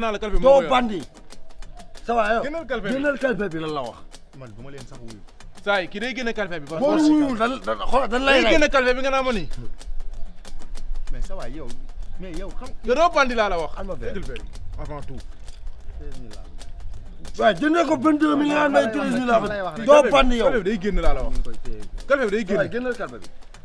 wax naa la kalpe moo koy doo bandi. ça va yow gënal kalpe bi gënal kalpe bi lan la wax. man du ma leen sax wuyu. saa yi ki day génne kalpe bi. boo wuyu lan xool dañ lay day génne kalpe bi nga naa ma nii. mais ça va yow mais yow xam. te doo bandi laa la wax. am na benn avant tout. waaw jëndee ko vingt deux millions may treize mille doo bandi yow. kalpe bi day génn laa la wax. kalpe bi day génn.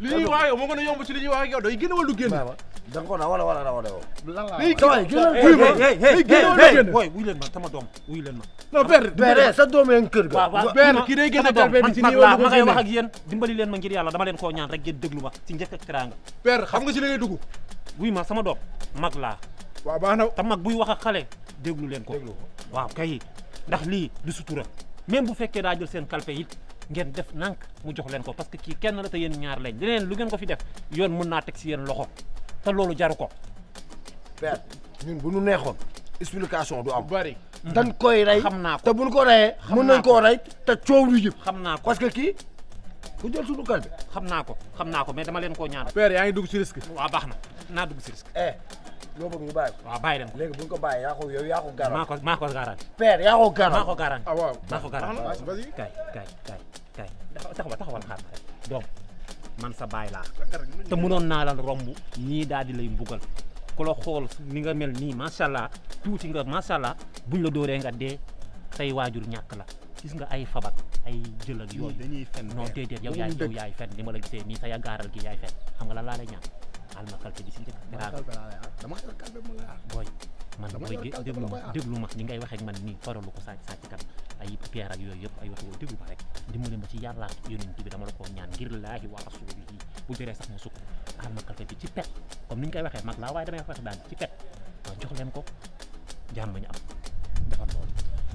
li ñuy waaye moo gën a yomb ci li ñuy wax ak yow day génn wala du génn da nga ko na wala wala na wala yow li boy wuy leen ma sama doom wuy leen ma non père père sa doom yaa ngi kër ga père kii day génn doom man ci nii wala ma ngay wax ak yéen dimbali leen ma ngir yàlla dama leen koo ñaan li ngay dugg wuy ma sama doom mag buy wax ak xale déglu leen ko waaw kay ndax lii du sutura même bu fekkee daa jël seen kalpe it ngeen def nank mu jox leen ko parce que kii kenn la te yéen ñaar lañ leneen lu ngeen ko fi def yoon mën naa teg si yéen loxo te loolu jaru ko. père bu ñu neexoon explication du am. bari hmm. dañ koy rey xam naa ko te bu ñu ko reyee. mën nañ koo rey te coow lu xam naa ko parce kii ku jël xam naa ko xam naa ko mais leen koo ñaan. père yaa dugg si risque. waaw baax na naa dugg si risque. Eh, loo bëgg ñu ko. waaw bàyyi leen maa ko maa maa ko garanti. maa ko garanti. Ah, sax ba taxawal xaar donc man sa baay laa te mënoon naa lan romb ñii daal di lay mbugal ku la xool ni nga mel nii macha allah tuuti nga macha allah buñ la dooree nga dee say waajur ñàkk la gis nga ay fabat ay jël ak yooyu dañuy fen non déedéet yow yaay yow yaay fen ni la gisee nii sa yagaaral gi yaay fen xam nga la laa lay ñaan al ma ma ni ngay ak man faralu ko kat ay pierre ak yooyu yëpp ay waxu ba rek dimbali ma ci yàlla ak yonent bi dama la ko ñaan ngir laahi wa rasulihi bu jëree sax ma sukk aal ma kalfe ci pet comme ni ñu koy mag laa waaye damay wax daan ci pet ma jox leen ko jàmm ñu am defar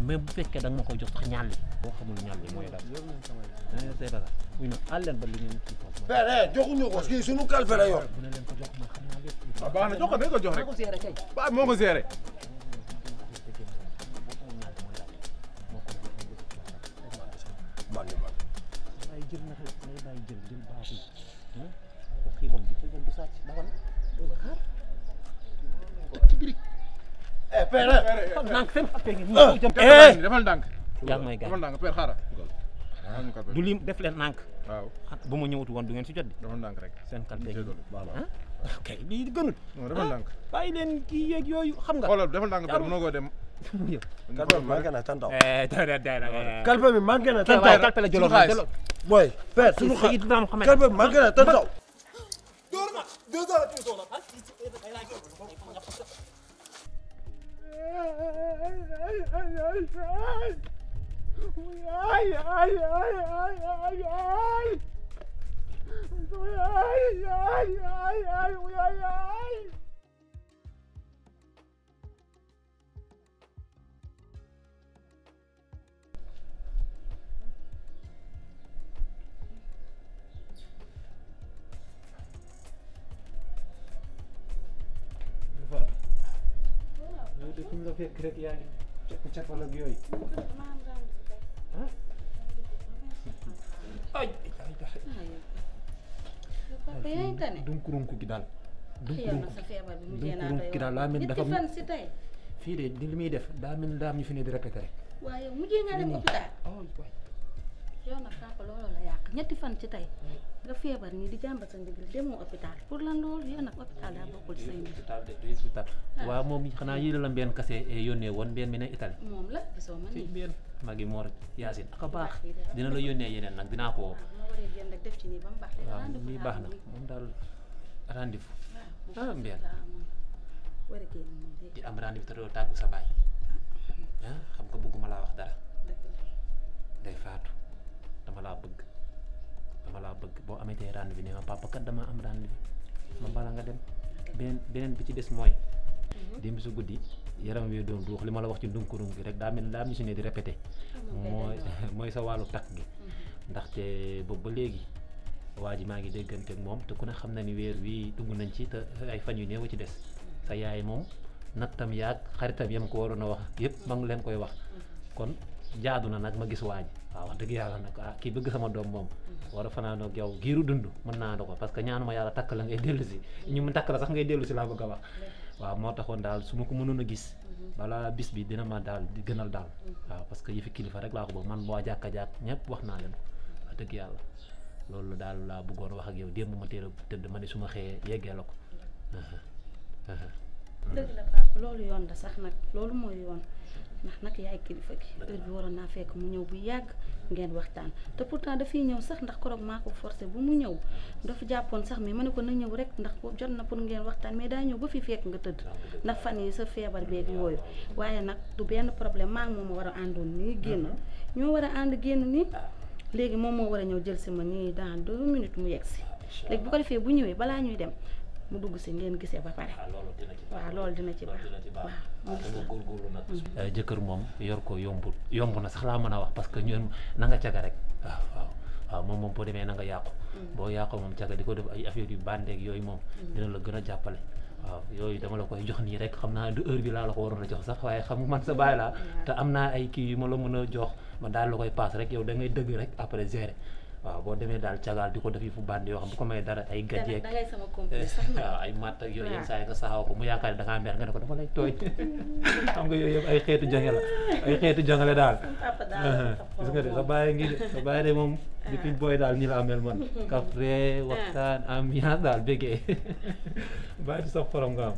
bu fekkee da nga ma jox sax ñaar boo xamul ñaar mooy dara. oui non àll leen ba eh, eh, ko kii sunu kalfe la yor. bu ne leen ko ma ah, ko dañ ko jox rek. moo ko géré kay. jël naka la da ngay bàyyi jël jël baaxul ah kooku kii moom di ko du sàcc dawal xaar ci biir. eh père. xam naa seen affaire yi ñu ngi jëm. eh, eh. defal ndànk yaa ngi gaañ du lim def leen nank waaw mu ma woon du ngeen si jot de. defal ndànk rek seen kalpe yi ok lii leen kii yeeg yooyu xam nga. xoolal Kalpa mi mankana tan taw. Eh tara tara. Kalpa mi mankana tan Kalpa la jolo jolo. Boy, père sunu xaar. Kalpa ay, ay, ay, ay, ay, ay, ay, ay, ay, ay, ay, Ay ay ay ay ay ay. Ay ay ay ay ay ay ay. Kupimy dopiero krew, ja gi daal. dunku gi daal daa dafa fii de muy def daa mel daa am ñu fi ne di répété rek. waaw yow mujjee nga dem hôpital. yow nag papa looloo la yàq ñetti fan ci tey nga feebar nii di jàmbat sa ndigël demoo hôpital pour lan loolu yow nag hôpital daa ah. waaw moom xanaa yii la la kase eh, yónnee woon mbeen mi ne Italie. la gisoo ma nii mbeen a baax dina la yónnee yeneen nag dinaa ko def ci nii ba mu baax. waaw na moom daal rendez-vous. ah sa baay ah. Ah, xam nga bëgguma laa wax dara day faatu. dama laa bëgg dama laa bëgg boo tey rendez-vous ne ma papa kat dama am rendez-vous ma mbala nga dem beneen beneen bi ci des mooy mhm. démb su guddi yaram wi doon duux li ma la wax ci ndunkurung gi rek daa mel daa am ne di répété mooy mooy sa wàllu takk gi mhm. ndaxte boobu ba léegi waa ji maa ngi déggante ak moom te ku ne xam na ni weer wii dugg nañ ci te ay fan yu néew ci des sa yaay moom nattam yaag xaritam yam ko waroon a wax yëpp ma ngi leen koy wax mhm. kon jaadu na nak ma gis waañ waaw wax dëgg yàlla nag ah kii bëgg sama doom moom war a fanaanoo ak yow giiru dund mën naa la ko parce que ñaanuma yàlla takk la ngay dellu si ñu mu takk la sax ngay dellu si laa bëgg a wax waaw moo taxoon daal su ma ko mënoon a gis bala bis bi dina ma daal di gënal daal waaw parce que yëfi kilifa rek laa ko bëgg man boo jàkka jàkk ñëpp wax naa leen wax dëgg yàlla loolu daal laa bëggoon wax ak yow démb ma teel a tëdd ma ne su ma xëyee yeggee la ko dëgg la papa loolu yoon da sax nag loolu mooy yoon ndax nag yaay kilifa ki heure bi waroon naa fekk mu ñëw bu yàgg ngeen waxtaan te pourtant dafay ñëw sax ndax koroog maa ko forcé bu mu ñëw dafa jàppoon sax mais ma ne ko na ñëw rek ndax jot na pour ngeen waxtaan mais daa ñëw ba fi fekk nga tëdd ndax fan yi sa feebar beeg yooyu waaye nag du benn problème maa ngi moom a war a àndoon nii génn ñoo war a ànd génn nii ah. léegi moom moo war a ñëw jël si ma nii daan doo minutes mu yegg si léegi bu ko defee bu ñëwee balaa ñuy dem mu dugg si ngeen gisee ba pare. waaw ah, loolu dina ci baax waaw loolu dina ci baax. Ah, mm-hmm. eh, jëkkër moom yor ko yombul yomb na sax laa mën a wax parce que ñun na nga caga rek ah, waaw waaw moom moom boo demee na nga yàqu. Mm-hmm. boo yàqoo moom caga di ko def ay affaire yu bàndeeg yooyu moom. Mm-hmm. dina la gën a jàppale. waaw yooyu dama la koy jox nii rek xam naa du heure bi laa la ko waroon a jox sax waaye xam man sa baay laa te am naa ay kii yu ma la mën a jox ma daal la koy paas rek yow da ngay dëgg rek après gérer. waaw boo demee daal cagaal di ko def fu bànd yoo xam du ko may dara ay gajjeeg waaw ay matt ak yooyu yenn saa yi nga saxaw ko mu yaakaar ne dangaa mer nga ko dama lay tooñ xam nga yooyu yëpp ay xeetu jonge ay xeetu jonge la daal gis nga de sa bàyyi ngi de sa bàyyi de moom depuis ah. booy daal nii la amel man kaf ree waxtaan ambiance daal béggee bàyyi di sax forom nga am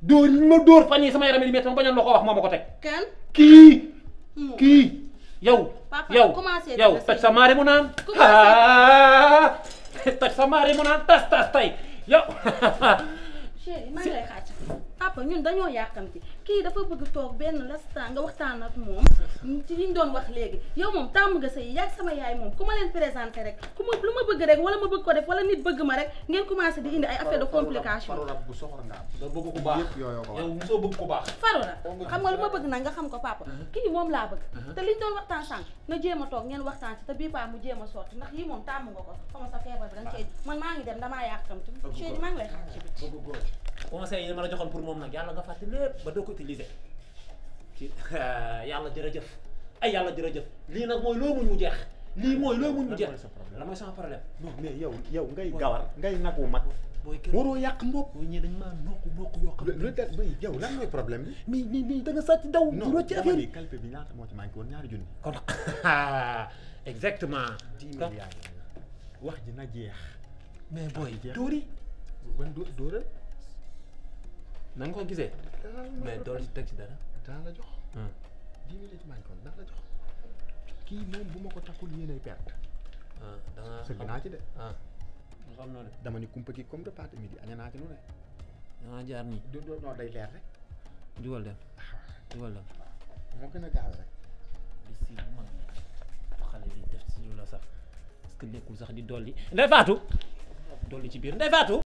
dóor yi ma dóor fan yii sama yaram yi métti ma bañoon la ko wax moo ma ko teg. kan kii. Hmm. kii yow. yow yow toj sa maari mu naan. commencé toj sa maari mu naan tas tas tay yow. chérie maa ngi kii dafa bëgg toog benn lastan nga waxtaan ak moom ci ñu doon wax léegi yow moom tàmm nga sëy yaag sama yaay moom ku ma leen présenté rek ku ma lu ma bëgg rek wala ma bëgg ko def wala nit bëgg ma rek ngeen commencé di indi ay affaire de complication faru rab bu soxor nga am bëgg ku baax yow mosoo xam nga lu ma bëgg nag nga xam ko papa mhm. kii moom laa bëgg mhm. te liñ doon waxtaan sànq na jéem a toog ngeen waxtaan ci te bii paa mu jéem a sotti ndax yi moom tàmm nga ko xama sa feebar bi danga cee man maa ngi dem damaa yàqamti chéri maa ngi lay xaar ci biti conseil ya ya yi ma la joxoon pour moom nag yàlla nga fàtte lépp ba doo ko utiliser ki yàlla jërëjëf ay yàlla jërëjëf lii nag mooy loo muñ mu jeex lii mooy loo muñ mu jeex la mooy sama problème non mais yow yow ngay gawar ngay nag wu mag waroo yàq mbokk ñi dañ maa nokk mbokk yoo xam ne lu tax bay yow lan mooy problème bi mais nii nii da nga sàcc daw du rocc affaire yi calpe bi ñaata moo ci manqué woon ñaari junni kon exactement dix milliards wax ji na jeex mais booy dóori ban dóoral na nga ko gisee. Euh, mais dool ci teg ci dara. daan la jox. dix kii moom bu ma ko takkul yéenay perte. ah da ngaa sëgg naa ci de. ah xam dama ni kumpa comme de pâte midi aña naa ci lu ne. da jaar nii. du day leer rek. jugal dem jugal ah, dem. moo gën a gaaw rek. di si bu mag def si lu la que nekkul sax di dolli ndey faatu. dolli ci biir ndey faatu.